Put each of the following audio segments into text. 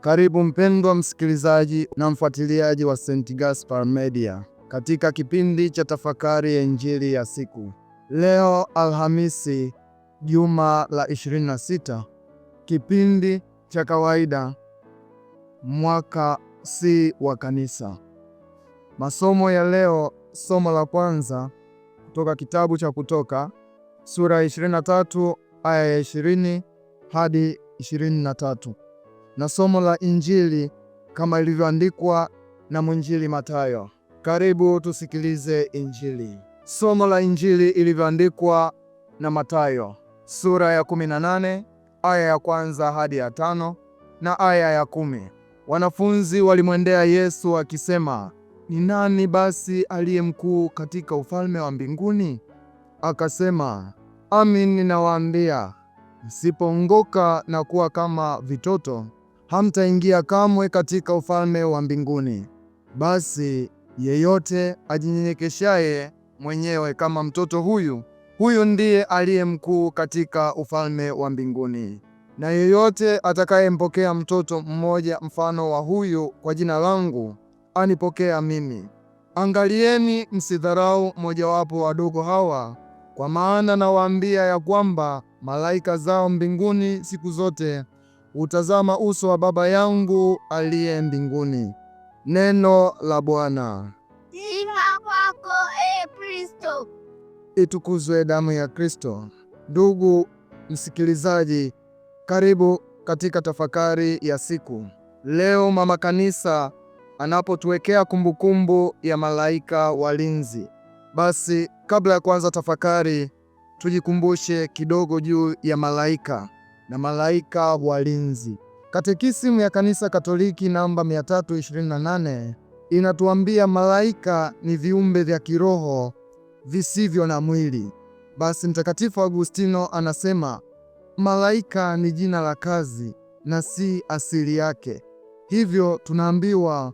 Karibu mpendwa msikilizaji na mfuatiliaji wa St. Gaspar Media katika kipindi cha tafakari ya injili ya siku leo, Alhamisi, juma la 26 kipindi cha kawaida, mwaka si wa Kanisa. Masomo ya leo, somo la kwanza kutoka kitabu cha Kutoka sura 23 aya ya 20 hadi 23 na somo la Injili kama ilivyoandikwa na mwinjili Mathayo. Karibu tusikilize Injili. Somo la Injili ilivyoandikwa na Mathayo sura ya 18 aya ya kwanza hadi ya tano na aya ya kumi. Wanafunzi walimwendea Yesu akisema, ni nani basi aliye mkuu katika ufalme wa mbinguni? Akasema, amin ninawaambia, msipoongoka na kuwa kama vitoto hamtaingia kamwe katika ufalme wa mbinguni. Basi yeyote ajinyenyekeshaye mwenyewe kama mtoto huyu, huyu ndiye aliye mkuu katika ufalme wa mbinguni. Na yeyote atakayempokea mtoto mmoja mfano wa huyu kwa jina langu, anipokea mimi. Angalieni, msidharau mojawapo wadogo hawa, kwa maana nawaambia ya kwamba malaika zao mbinguni siku zote utazama uso wa Baba yangu aliye mbinguni. Neno la Bwana. Sifa kwako e Kristo. Itukuzwe damu ya Kristo. Ndugu msikilizaji, karibu katika tafakari ya siku leo. Mama Kanisa anapotuwekea kumbukumbu ya malaika walinzi. Basi kabla ya kuanza tafakari, tujikumbushe kidogo juu ya malaika na malaika walinzi. Katekisimu ya Kanisa Katoliki namba 328 inatuambia malaika ni viumbe vya kiroho visivyo na mwili. Basi Mtakatifu Agustino anasema malaika ni jina la kazi na si asili yake. Hivyo tunaambiwa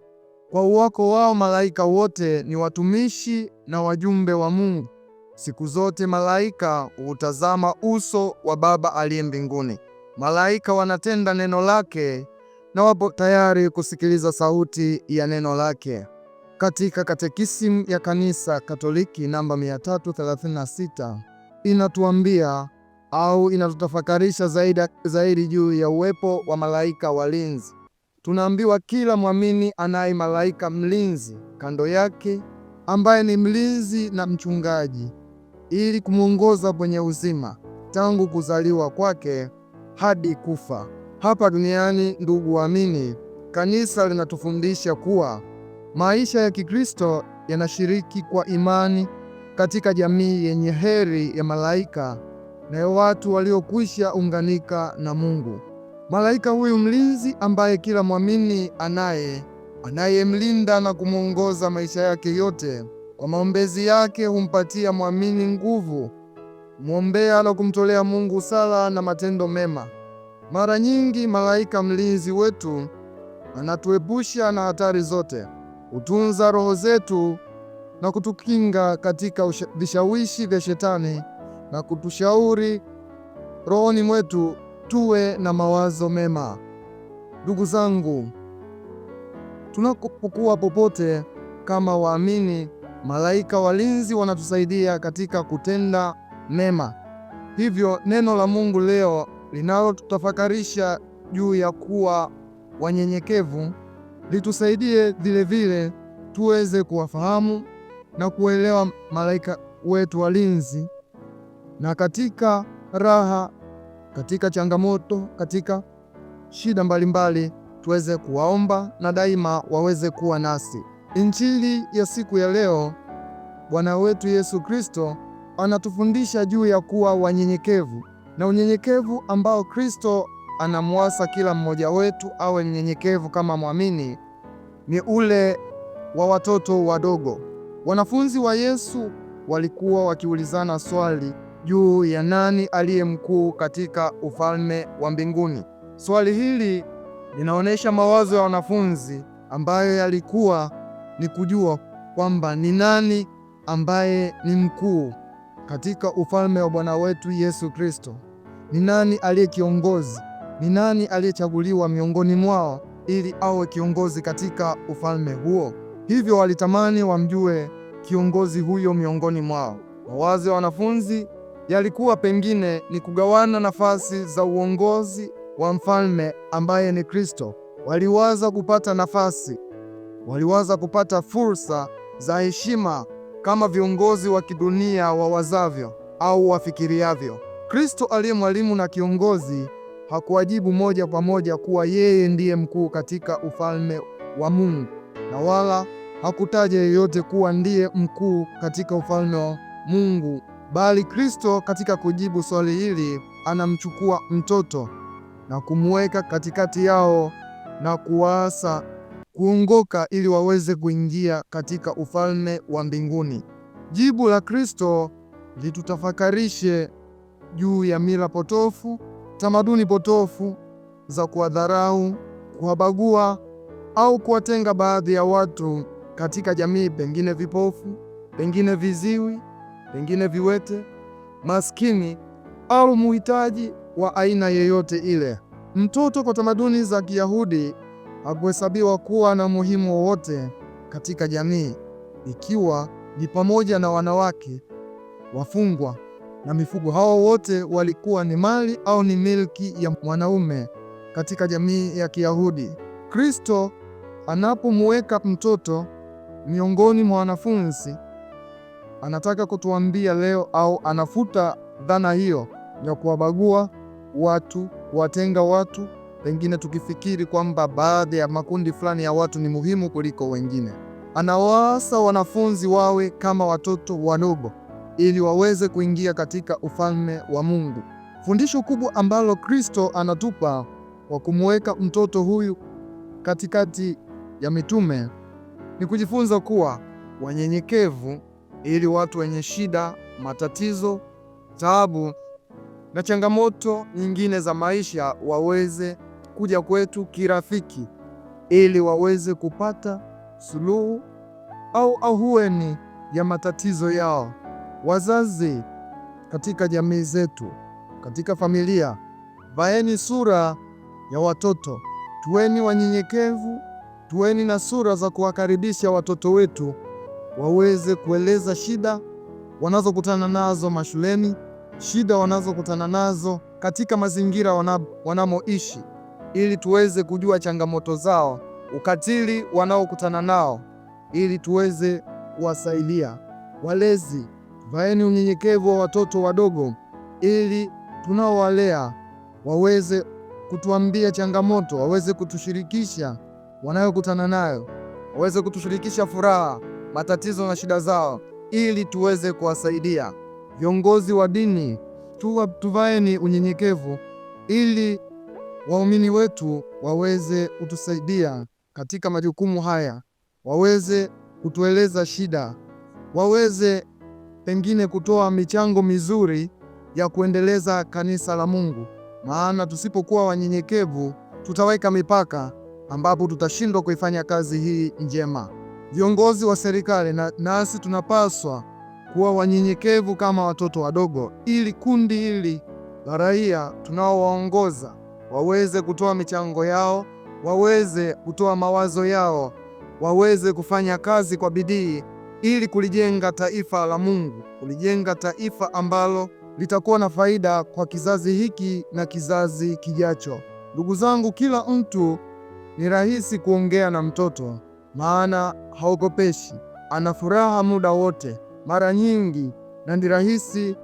kwa uwako wao malaika wote ni watumishi na wajumbe wa Mungu. Siku zote malaika hutazama uso wa Baba aliye mbinguni malaika wanatenda neno lake na wapo tayari kusikiliza sauti ya neno lake. Katika Katekisimu ya Kanisa Katoliki namba 336 inatuambia au inatutafakarisha zaidi, zaidi juu ya uwepo wa malaika walinzi. Tunaambiwa kila mwamini anaye malaika mlinzi kando yake ambaye ni mlinzi na mchungaji ili kumwongoza kwenye uzima tangu kuzaliwa kwake hadi kufa. Hapa duniani, ndugu waamini, kanisa linatufundisha kuwa maisha ya Kikristo yanashiriki kwa imani katika jamii yenye heri ya malaika na watu waliokwisha unganika na Mungu. Malaika huyu mlinzi ambaye kila mwamini anaye, anayemlinda na kumwongoza maisha yake yote. Kwa maombezi yake humpatia mwamini nguvu mwombea na kumtolea Mungu sala na matendo mema. Mara nyingi malaika mlinzi wetu anatuepusha na hatari zote, hutunza roho zetu na kutukinga katika vishawishi vya Shetani na kutushauri rohoni mwetu tuwe na mawazo mema. Ndugu zangu, tunapokuwa popote kama waamini, malaika walinzi wanatusaidia katika kutenda mema. Hivyo neno la Mungu leo linalotutafakarisha juu ya kuwa wanyenyekevu litusaidie vilevile tuweze kuwafahamu na kuelewa malaika wetu walinzi, na katika raha, katika changamoto, katika shida mbalimbali tuweze kuwaomba na daima waweze kuwa nasi. Injili ya siku ya leo, Bwana wetu Yesu Kristo anatufundisha juu ya kuwa wanyenyekevu na unyenyekevu ambao Kristo anamwasa kila mmoja wetu awe mnyenyekevu kama mwamini ni ule wa watoto wadogo. Wanafunzi wa Yesu walikuwa wakiulizana swali juu ya nani aliye mkuu katika ufalme wa mbinguni. Swali hili linaonyesha mawazo ya wanafunzi ambayo yalikuwa ni kujua kwamba ni nani ambaye ni mkuu katika ufalme wa Bwana wetu Yesu Kristo. Ni nani aliye kiongozi? Ni nani aliyechaguliwa miongoni mwao ili awe kiongozi katika ufalme huo? Hivyo walitamani wamjue kiongozi huyo miongoni mwao. Mawazo ya wanafunzi yalikuwa pengine ni kugawana nafasi za uongozi wa mfalme ambaye ni Kristo. Waliwaza kupata nafasi, waliwaza kupata fursa za heshima kama viongozi wa kidunia wawazavyo au wafikiriavyo. Kristo aliye mwalimu na kiongozi hakuwajibu moja kwa moja kuwa yeye ndiye mkuu katika ufalme wa Mungu, na wala hakutaja yeyote kuwa ndiye mkuu katika ufalme wa Mungu, bali Kristo katika kujibu swali hili anamchukua mtoto na kumweka katikati yao na kuwaasa kuongoka ili waweze kuingia katika ufalme wa mbinguni. Jibu la Kristo litutafakarishe juu ya mila potofu, tamaduni potofu za kuwadharau, kuwabagua au kuwatenga baadhi ya watu katika jamii, pengine vipofu, pengine viziwi, pengine viwete, maskini au muhitaji wa aina yeyote ile. Mtoto kwa tamaduni za Kiyahudi hakuhesabiwa kuwa na muhimu wowote katika jamii, ikiwa ni pamoja na wanawake, wafungwa na mifugo. Hao wote walikuwa ni mali au ni milki ya mwanaume katika jamii ya Kiyahudi. Kristo anapomweka mtoto miongoni mwa wanafunzi, anataka kutuambia leo au anafuta dhana hiyo ya kuwabagua watu, kuwatenga watu pengine tukifikiri kwamba baadhi ya makundi fulani ya watu ni muhimu kuliko wengine. Anawaasa wanafunzi wawe kama watoto wadogo ili waweze kuingia katika ufalme wa Mungu. Fundisho kubwa ambalo Kristo anatupa kwa kumweka mtoto huyu katikati ya mitume ni kujifunza kuwa wanyenyekevu ili watu wenye shida, matatizo, taabu na changamoto nyingine za maisha waweze kuja kwetu kirafiki ili waweze kupata suluhu au ahueni ya matatizo yao. Wazazi katika jamii zetu, katika familia, vaeni sura ya watoto, tuweni wanyenyekevu, tuweni na sura za kuwakaribisha watoto wetu waweze kueleza shida wanazokutana nazo mashuleni, shida wanazokutana nazo katika mazingira wanamoishi ili tuweze kujua changamoto zao, ukatili wanaokutana nao, ili tuweze kuwasaidia. Walezi, vaeni unyenyekevu wa watoto wadogo, ili tunaowalea waweze kutuambia changamoto, waweze kutushirikisha wanayokutana nayo, waweze kutushirikisha furaha, matatizo na shida zao, ili tuweze kuwasaidia. Viongozi wa dini, tuwa tuvaeni unyenyekevu ili waumini wetu waweze kutusaidia katika majukumu haya, waweze kutueleza shida, waweze pengine kutoa michango mizuri ya kuendeleza kanisa la Mungu, maana tusipokuwa wanyenyekevu tutaweka mipaka ambapo tutashindwa kuifanya kazi hii njema. Viongozi wa serikali na nasi tunapaswa kuwa wanyenyekevu kama watoto wadogo, ili kundi hili la raia tunaowaongoza waweze kutoa michango yao, waweze kutoa mawazo yao, waweze kufanya kazi kwa bidii ili kulijenga taifa la Mungu, kulijenga taifa ambalo litakuwa na faida kwa kizazi hiki na kizazi kijacho. Ndugu zangu, kila mtu ni rahisi kuongea na mtoto, maana haogopeshi, ana furaha muda wote mara nyingi, na ni rahisi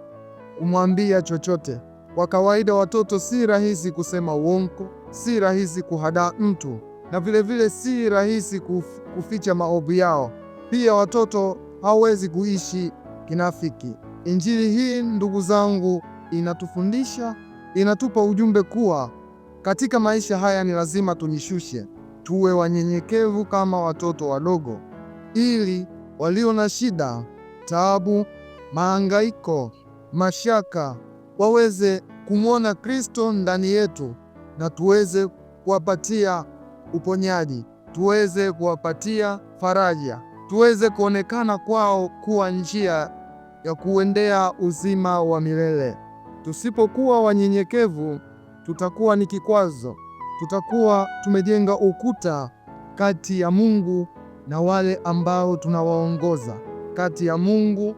kumwambia chochote. Kwa kawaida watoto si rahisi kusema uongo, si rahisi kuhadaa mtu na vilevile vile si rahisi kuf, kuficha maovu yao. Pia watoto hawezi kuishi kinafiki. Injili hii ndugu zangu, inatufundisha, inatupa ujumbe kuwa katika maisha haya ni lazima tunishushe, tuwe wanyenyekevu kama watoto wadogo, ili walio na shida, taabu, mahangaiko, mashaka waweze kumwona Kristo ndani yetu na tuweze kuwapatia uponyaji, tuweze kuwapatia faraja, tuweze kuonekana kwao kuwa njia ya kuendea uzima wa milele. Tusipokuwa wanyenyekevu, tutakuwa ni kikwazo, tutakuwa tumejenga ukuta kati ya Mungu na wale ambao tunawaongoza, kati ya Mungu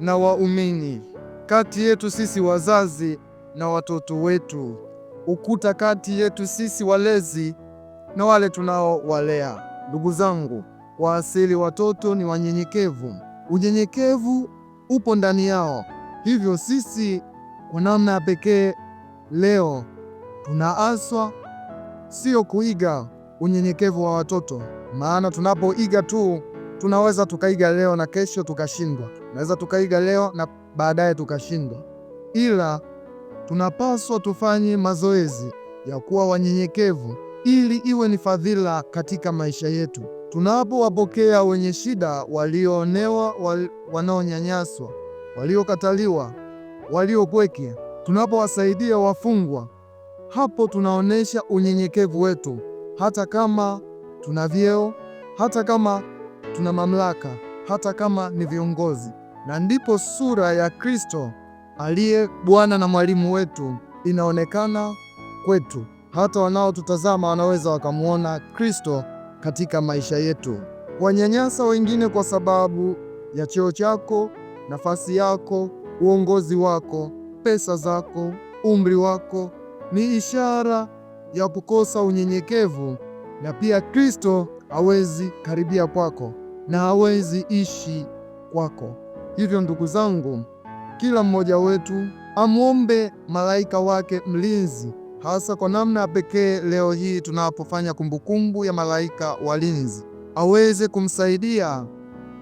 na waumini kati yetu sisi wazazi na watoto wetu, ukuta kati yetu sisi walezi na wale tunaowalea. Ndugu zangu, kwa asili watoto ni wanyenyekevu, unyenyekevu upo ndani yao. Hivyo sisi kwa namna ya pekee leo tunaaswa sio kuiga unyenyekevu wa watoto, maana tunapoiga tu tunaweza tukaiga leo na kesho tukashindwa, tunaweza tukaiga leo na baadaye tukashindwa, ila tunapaswa tufanye mazoezi ya kuwa wanyenyekevu ili iwe ni fadhila katika maisha yetu. Tunapowapokea wenye shida, walioonewa, wal, wanaonyanyaswa, waliokataliwa, waliopweke, tunapowasaidia wafungwa, hapo tunaonyesha unyenyekevu wetu, hata kama tuna vyeo, hata kama tuna mamlaka hata kama ni viongozi, na ndipo sura ya Kristo aliye Bwana na mwalimu wetu inaonekana kwetu. Hata wanaotutazama wanaweza wakamwona Kristo katika maisha yetu. Wanyanyasa wengine kwa sababu ya cheo chako, nafasi yako, uongozi wako, pesa zako, umri wako, ni ishara ya kukosa unyenyekevu, na pia Kristo hawezi karibia kwako na hawezi ishi kwako. Hivyo ndugu zangu, kila mmoja wetu amwombe malaika wake mlinzi, hasa kwa namna ya pekee leo hii tunapofanya kumbukumbu ya malaika walinzi, aweze kumsaidia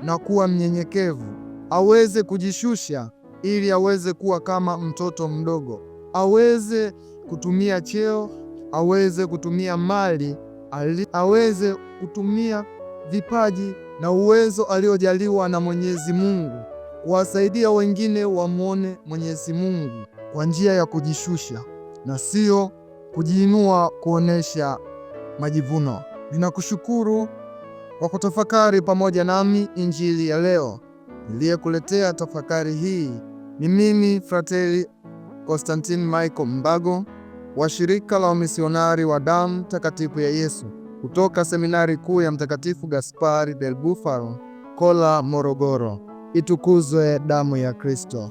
na kuwa mnyenyekevu, aweze kujishusha ili aweze kuwa kama mtoto mdogo, aweze kutumia cheo, aweze kutumia mali ali aweze kutumia vipaji na uwezo aliojaliwa na Mwenyezi Mungu kuwasaidia wengine wamwone Mwenyezi Mungu kwa njia ya kujishusha na sio kujiinua kuonesha majivuno. Ninakushukuru kwa kutafakari pamoja nami Injili ya leo. Niliyekuletea tafakari hii ni mimi Frateli Constantine Michael Mbago wa shirika la wamisionari wa damu takatifu ya Yesu kutoka seminari kuu ya Mtakatifu Gaspari del Bufalo, Kola, Morogoro. Itukuzwe damu ya Kristo!